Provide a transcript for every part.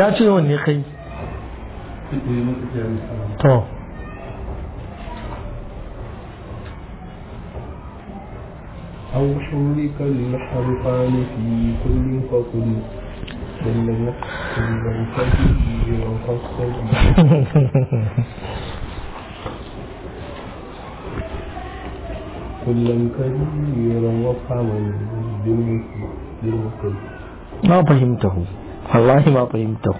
ya ce yawan ne kai to أو حرك الحرفان في كل فصل دل نفس المنفذ وفصل كلا كبيرا وفهما بالمثل ما فهمته والله ما فهمته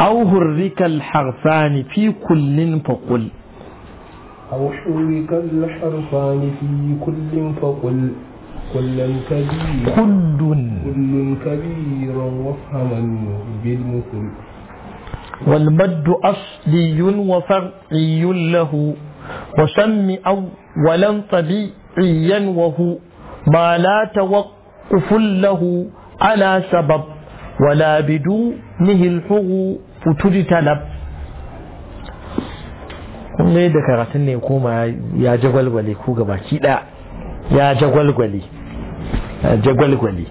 أو هرك الحرفان في كل فقل أو حرك الحرفان في كل فقل كل كبيرا كل كل كبير وفهما بالمثل والمد أصلي وفرعي له وسم أولا طبيعيا وهو ما لا توقف له على سبب ولا بدونه الحق تجتلب kun kuma da karatun ne koma ya jagwalgwale ko gaba kiɗa ya jagwalgwale ya jagwalgwale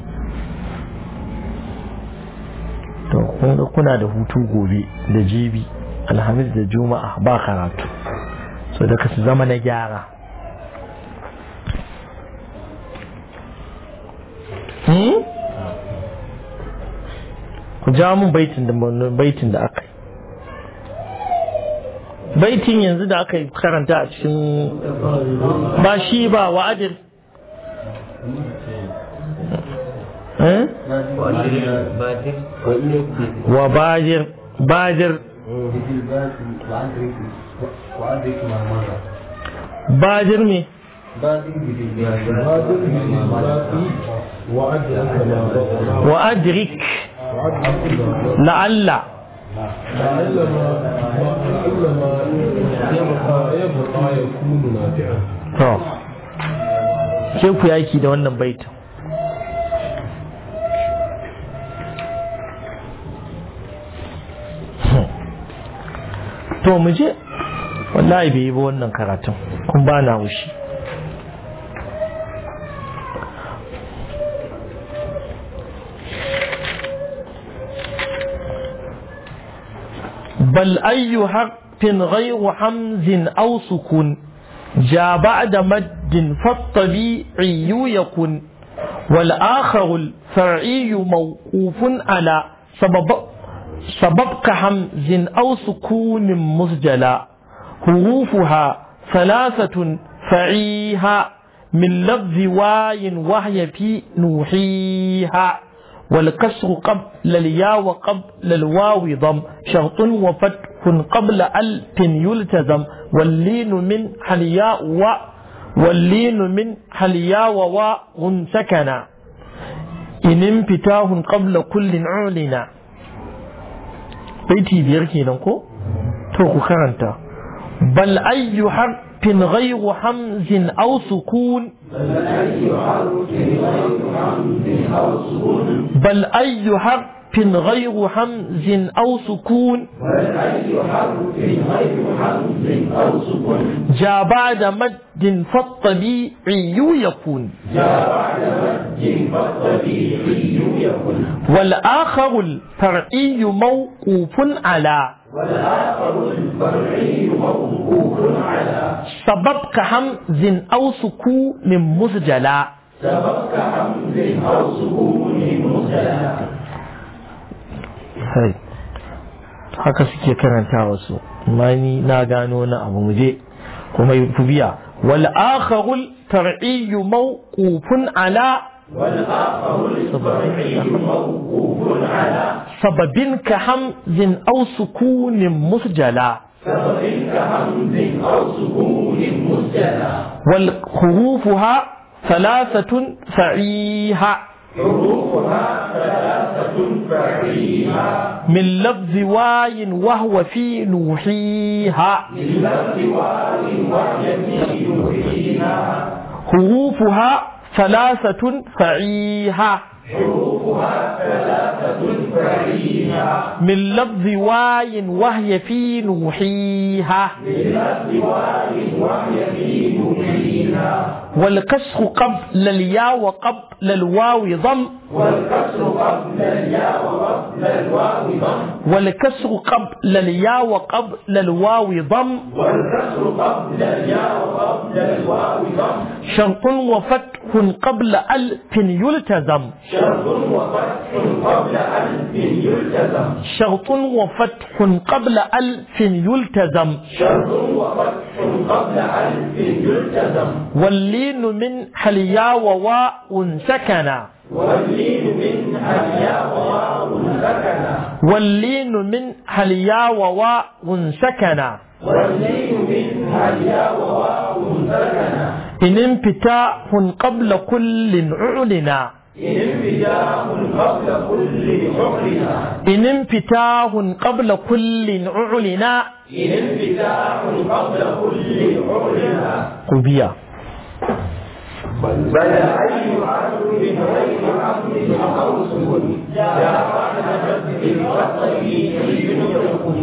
to kun ga kuna da hutu gobe da jibi alhamis da juma'a ba karatu so da kasu su zama na gyara ku ja mun baitin da baitin da aka baitin yanzu da aka karanta a cikin ba shi ba wa'adir eh? wa bajir bajir bajir ne wa adrik Na Allah. to ke ku yaki da wannan baitin to muje je wallahi bai yi ba wannan karatun kun ba na wushi بل أي حق غير حمز أو سكون جاء بعد مد فالطبيعي يكون والآخر الفرعي موقوف على سبب سبب كحمز أو سكون مسجلا حروفها ثلاثة فعيها من لفظ واي وهي في نوحيها والكسر قبل الياء وقبل الواو ضم شرط وفتح قبل ألف يلتزم واللين من حلياء و واللين من حلياء وواء سكنا إن انفتاه قبل كل عولنا بيتي بيركي نقول توكو كرنتا بل أي حرف من غير حمز أو سكون بل أي حرف غير حمز أو سكون جاء بعد مد فالطبيعي يكون جاء بعد مد والآخر الفرعي موقوف على والآخر الفرعي موقوف على سبب كهمز أو سكون مسجلا سبب زن أو سكون مسجلا هاي haka suke karanta wasu mani na gano na abu muje kuma yi biya wal akharul tar'iyyu mawqufun ala سبب كهمز أو سكون مسجلا سبب كهمز أو سكون مسجلا والحروفها ثلاثة فعيها حروفها ثلاثة فعيها من لفظ واي وهو في نوحيها من لفظ واي وهو في نوحيها حروفها ثلاثة فعيها حروفها ثلاثة فعيها من لفظ واي وهي في نوحيها من لفظ واي وهي في نوحيها قبل الياء وقبل الواو ضم والكسر قبل الياء وقبل الواو ضم والكسر قبل الياء وقبل الواو ضم والكسر قبل الياء وقبل الواو ضم شرط وفتح قبل ألف يلتزم شرط وفتح قبل ألف يلتزم شرط وفتح قبل ألف يلتزم شرط وفتح قبل ألف يلتزم واللين من حليا وواء سكنا واللين من حليا وواء سكنا واللين من حليا وواء سكنا واللين من حليا وواء سكنا إن انفتاح قبل كل أعلنا إن انفتاح قبل كل أعلنا إن انفتاح قبل كل أعلنا قبيا بل أي عدو غير عبد أقوسه لا بعد جد الوصل يدركه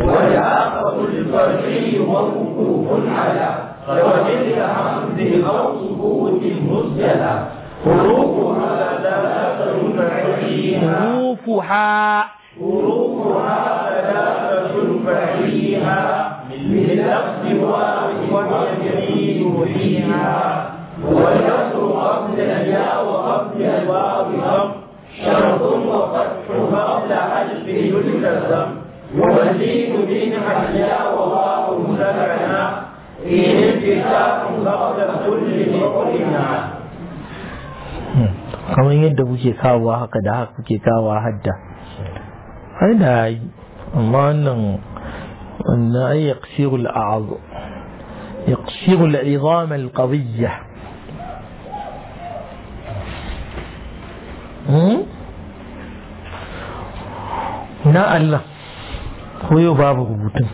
والآخر الفرعي موقوف على وجد عبد أو سكوت مزدها حروفها لا تنفعيها حروفها حروفها لا تنفعيها من لفظ واحد وجميل فيها هو نفس قبل الياء وقبل الواو هم شرط وفتح قبل حذف يلتزم والدين منها الياء وواو سمعنا في انفتاح قبل كل قلنا kamar yadda kuke kawowa haka da haka kuke kawowa hadda ai da yi amma wannan wannan ai yaqsirul a'z yaqsirul izam al qawiyya Hmm? na Allah ko yau babu rubutun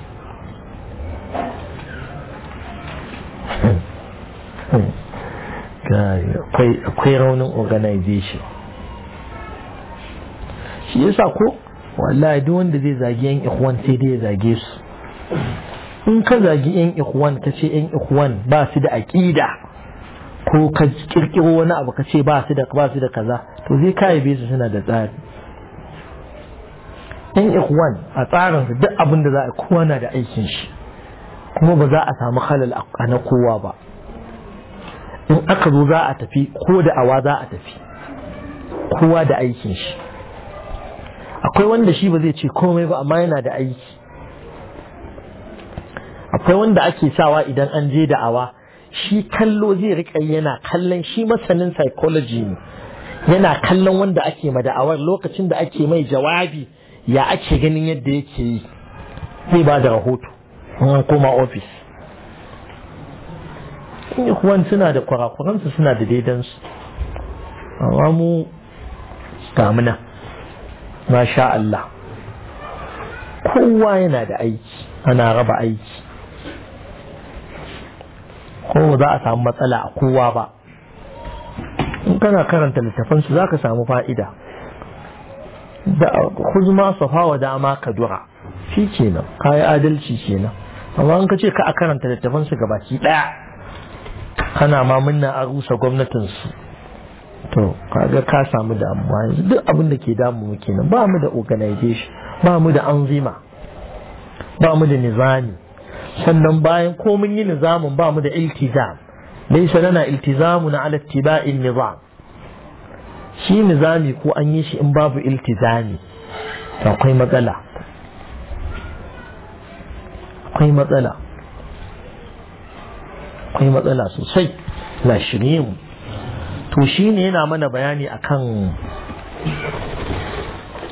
akwai raunin organization shi yasa ko wallahi duk wanda zai zagi yan ikhwan sai dai ya zage su in ka zagi yan ikhwan ka ce yan ikhwan ba su da aqida ko ka kirkiro wani abu ka ce ba ba su da kaza to zai kayi bai su suna da tsari yan ikwan a tsarin su duk abin da za a kowa na da aikin shi kuma ba za a samu halal a na kowa ba in aka zo za a tafi ko da awa za a tafi kowa da aikin shi akwai wanda shi ba zai ce komai ba amma yana da aiki akwai wanda ake sawa idan an je da awa shi kallo zai riƙa yana kallon shi masanin psychology ne yana kallon wanda ake mada'awar lokacin da ake mai jawabi ya ake ganin yadda yake yi zai ba da rahoto an koma ofis kuwan suna da kwarakwaransu suna da daidansu amma mu stamina masha Allah kowa yana da aiki ana raba aiki ko za a samu matsala a kowa ba kana karanta littafansu za ka samu fa'ida da huzma safa wa dama ka dura shi kenan kayi adalci kenan amma an ka ce ka a karanta littafansu gabaki daya kana ma munna a rusa gwamnatinsu to kaga ka samu damuwa yanzu duk abin da ke damu mu kenan ba mu da organization ba mu da anzima ba mu da nizami sannan bayan ko mun yi nizamin ba mu da iltizam laysa lana iltizamun ala ittiba'in nizam shi nizami ko an yi shi in babu iltizami akwai matsala akwai matsala akwai matsala sosai na shirye mu to shi ne yana mana bayani akan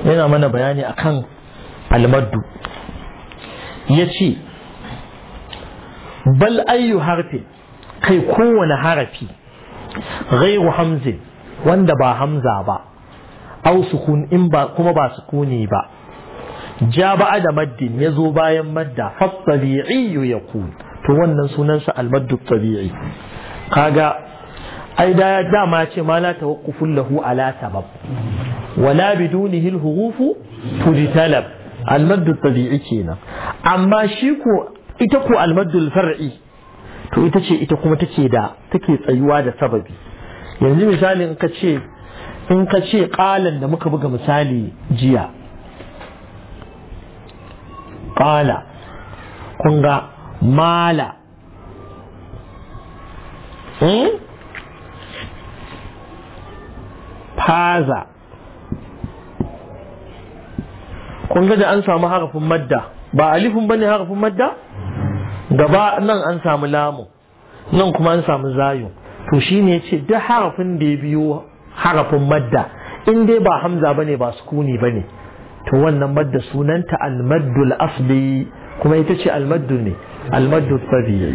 yana mana bayani akan almaddu ya ce bal ayyu harfin kai kowane harafi غير hamzin wanda ba hamza ba au sukun in ba kuma ba sukuni ba ja ba da maddin ya zo bayan madda fa ya yakun to wannan sunansa almaddu tabi'i kaga ai da dama ce ma la tawaqqufun lahu ala sabab wala bidunihi alhurufu tujtalab almaddu tabi'i kenan amma shi ko ita ko almaddu alfar'i to ita ce ita kuma take da take tsayuwa da sababi yanzu misali in ka ce in ka ce ƙalan da muka buga misali jiya ƙala kunga mala hmm? faza kunga da an samu harafin madda ba alifin bane harafin madda gaba nan an samu lamu nan kuma an samu zayo to shine yace duk harafin da ya biyo harafin madda in dai ba hamza bane ba sukuni bane to wannan madda sunanta al-maddul asli kuma ita ce al-maddu ne al-maddu tabi'i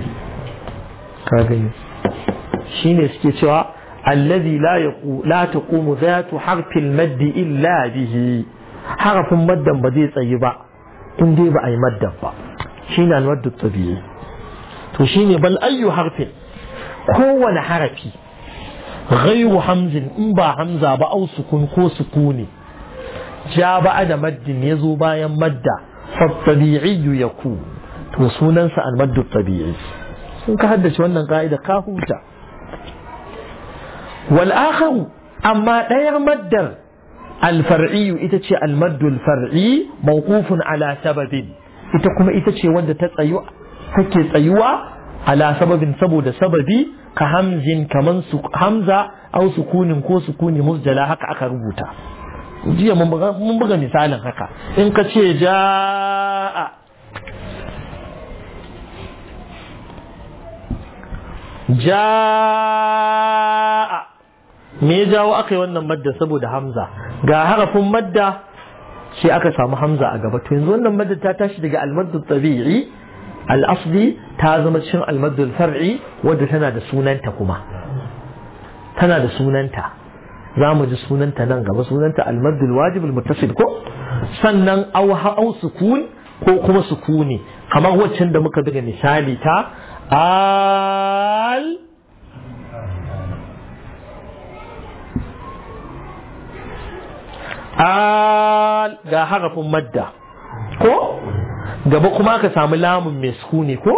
ka gani shine suke cewa allazi la yaqu la taqumu dhatu harfi al-madd illa bihi harafin maddan ba zai tsayi ba in dai ba ai maddan ba shine al-maddu tabi'i to shine bal ayyu harfin kowane harafi غير hamzin in ba hamza ba au sukun ko sukuni ja ba da maddin ya zo bayan madda fattabi'iyyu ya ku to sunansa almaddu tabi'i sun ka haddace wannan ka'ida ka huta wal akharu amma dayar maddar alfar'iyyu ita ce almaddu alfar'i mawqufun ala sababin ita kuma ita ce wanda ta tsayu take tsayuwa ala sababin saboda sababi ka hamzin kaman su hamza au sukunin ko sukuni musjala haka aka rubuta jiya mun buga misalin haka in ka ce ja'a ja'a me ya jawo aka yi wannan madda saboda hamza ga harafin madda sai aka samu hamza a gaba to yanzu wannan madda ta tashi daga almaddu tabi'i al'asli ta zama cikin almadul far'i wadda tana da sunanta kuma tana da sunanta za mu ji sunanta nan gaba sunanta almadul wajibul muttasil ko sannan auha au sukun ko kuma sukuni kamar waccan da muka daga misali ta al al ga harafin madda ko gaba kuma aka samu lamun mai sukuni ko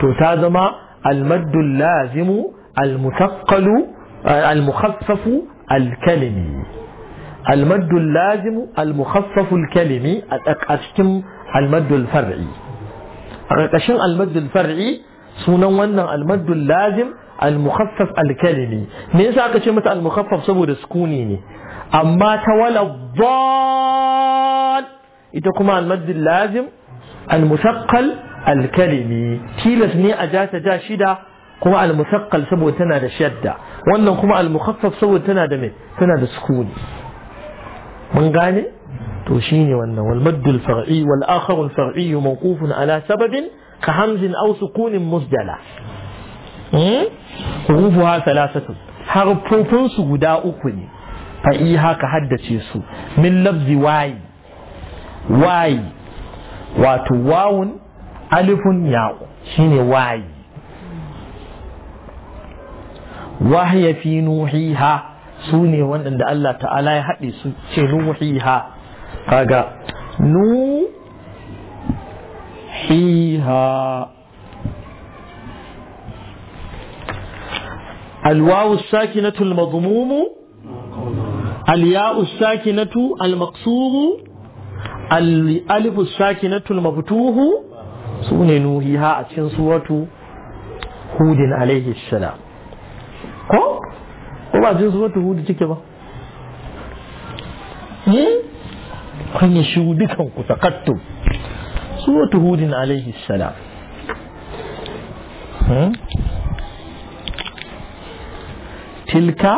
to ta zama almaddu lazimu almutaqalu almukhaffafu alkalimi almaddu lazimu almukhaffafu alkalimi a cikin almaddu far'i a ƙarƙashin almaddu far'i sunan wannan almaddu lazim almukhaffaf alkalimi me yasa aka ce masa almukhaffaf saboda sukuni ne amma ta wala ita kuma almaddu lazim المثقل الكلمي تيلس ني اجاتا جا شيدا كما المثقل سبو تنا دا شدة وانا كما المخفف سبو تنا دا مي تنا دا سكون من غاني توشيني وانا والمد الفرعي والآخر الفرعي موقوف على سبب كهمز أو سكون مزدلة حروفها ثلاثة حرب بروفنس غدا أكوني فإيها كهدة يسو من لفظ واي واي wato wawun alifun ya'u shine wayi wahya fi nuhiha su ne waɗanda Allah ta'ala ya haɗe su ce nuhiha kaga nu hiha الواو الساكنة المضموم الياء الساكنة المقصور alifus alifu sakinatul maftuhu su ne nuhiha a cikin suratu hudin alaihi salam ko ko ba cikin suratu hudu cike ba hmm? kun yi shiru dukan ku sakattum suratu hudin alaihi salam hmm? tilka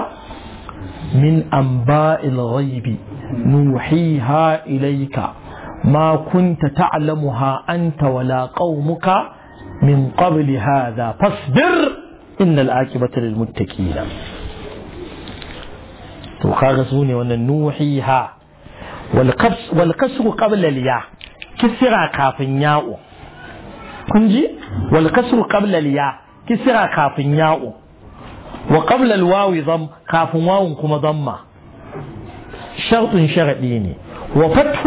min amba'il ghaibi نوحيها إليك ما كنت تعلمها أنت ولا قومك من قبل هذا فاصبر إن العاقبة للمتقين وخارزوني وأن نوحيها والكسر قبل الياء كسر كافن ياء كنجي والكسر قبل الياء كسر كافن ياء وقبل الواو ضم كافن واو كما ضمه الشرط شرطيني وفتح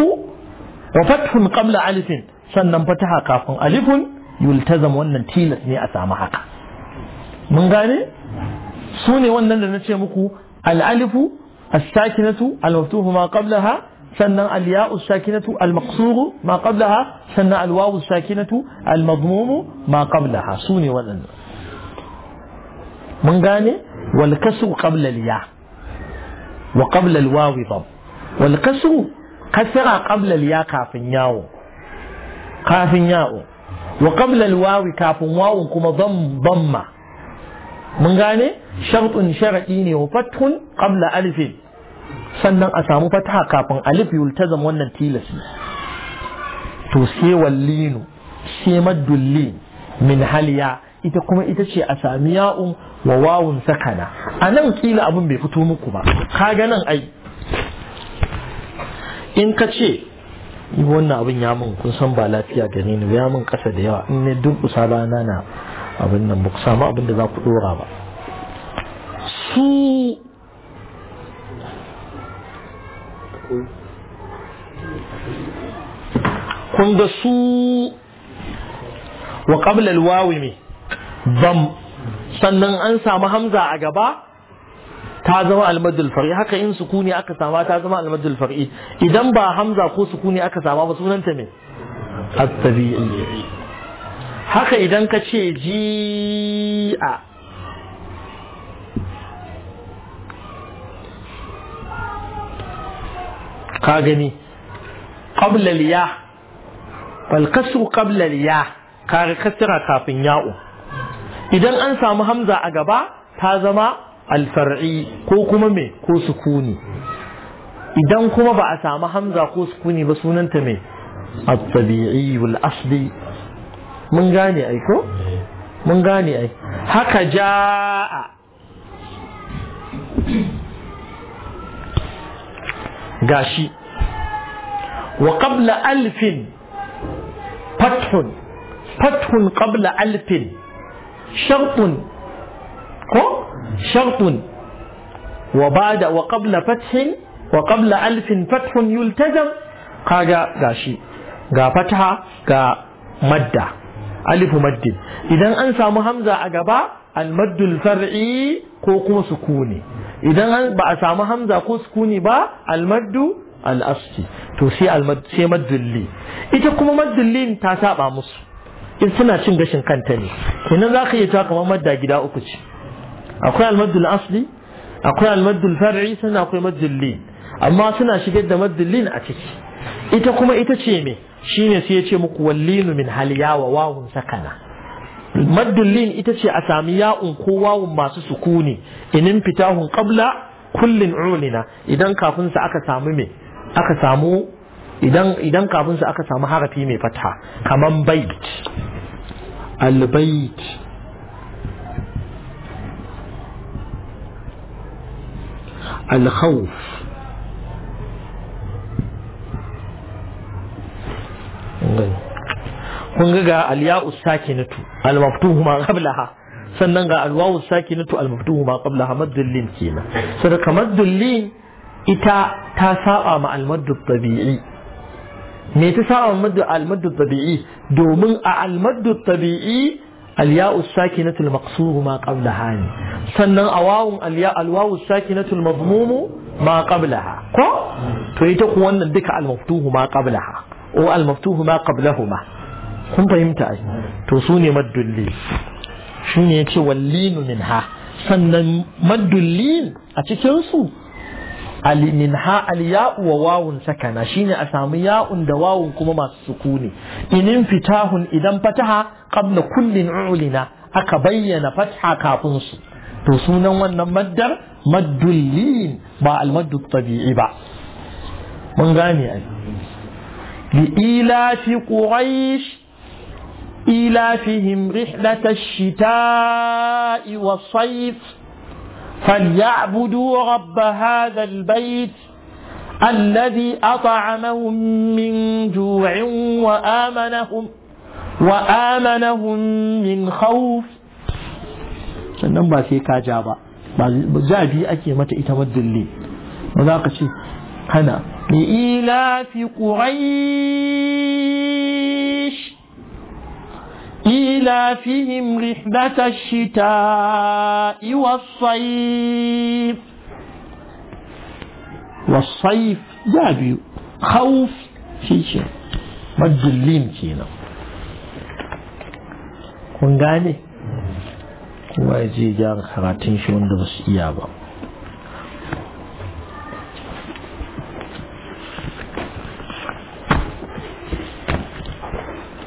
وفتح قبل ألف سنن فتح قاف ألف يلتزم وأن تيلة ني أسامة حقا من قال سوني وأن نتشي مكو الألف الساكنة المفتوح ما قبلها سنة الياء الساكنة المقصور ما قبلها سنة الواو الساكنة المضموم ما قبلها سوني ولن من قال والكسر قبل الياء وقبل الواو ضب والكسر كسر قبل الياء كاف ياو كاف ياو وقبل الواو كاف واو كما ضم ضم من غاني شرط شرعيني وفتح قبل ألف سنة a samu fataha kafin alif yultazam wannan tilas to sai wallinu sai maddullin min haliya ita kuma ita ce a sami ya'un wa wawun sakana a nan kila abin bai fito muku ba kaga nan ai in ka ce wannan abin ya mun kun san ba lafiya gare ni ya mun kasa da yawa in ne durkusa rana na abin nan ba ku samu abin da za ku dora ba su kun ga su wa qabla alwawi Zam sannan an samu hamza a gaba ta zama almadul far'i haka in sukuni aka sama ta zama almadul far'i idan ba hamza ko sukuni aka sama ba sunanta me at-tabi'i haka idan ka ce ji'a ka gani qabla liya bal kasru qabla liya ka kasra kafin ya'u idan an samu hamza a gaba ta zama alfar'i ko kuma me ko sukuni idan kuma ba a samu hamza ko sukuni ba sunanta me at-tabi'i wal asli mun gane ai ko mun gane ai haka jaa gashi wa qabla alfin fathun fathun qabla alfin shartun ko shartun wa bada wa qabla fathin wa qabla alfin fathun yultazam kaga gashi ga fatha ga madda alifu maddin idan an samu hamza a gaba almaddul far'i ko kuma sukuni idan ba a samu hamza ko sukuni ba almaddu al'asli to sai almaddu sai maddulli ita kuma maddulli ta saba musu in suna cin gashin kanta ne kenan za ka iya cewa kamar madda gida uku ce akwai almaddul asli akwai almaddul far'i sannan akwai maddul lin amma suna shigar da maddul a ciki ita kuma ita ce me shine sai ya ce muku wallinu min haliya wa wawun sakana maddul ita ce a sami ya'un ko wawun masu sukuni inin fitahun qabla kullin ulina idan kafin sa aka samu me aka samu idan kafin sa aka samu harafi mai fata kamar bait البيت الخوف kun ga al-ya'u sakinatu al-maftuhu ma qablaha sannan ga al-wawu sakinatu al-maftuhu ma qablaha maddul kenan sadaka dullin ita ta saba ma almadu tabi'i me ta sa almaddu tabi'i domin a almaddu tabi'i الياء الساكنة المقصور ما قبلها سنن أواو الياء الواو الساكنة المضموم ما قبلها كو فيتق وانا دك المفتوح ما قبلها أو المفتوح ما قبلهما kun fahimta ai to su ne maddulli shi ne ya ce wallinu minha sannan maddulli a cikinsu minha alya'u wa wawun sakana shine a samu ya'un da wawun kuma masu sukuni inin fitahun idan fataha qabla kullin ulina aka bayyana fataha kafin su to sunan wannan maddar maddulin ba almaddu tabi'i ba mun gane ai li ila fi quraish ila fihim rihlatash shita'i was-sayf فليعبدوا رب هذا البيت الذي أطعمهم من جوع وآمنهم وآمنهم من خوف sannan ba sai ka ja ba ja biyu ake mata ita madalli ba za ka ce kana ni ila fi ƙurai إيلافهم رحلة الشتاء والصيف والصيف دابيو خوف في شيء مجلين كينا كون قاني هو يزيد يا خراتين شو عنده بس إيابا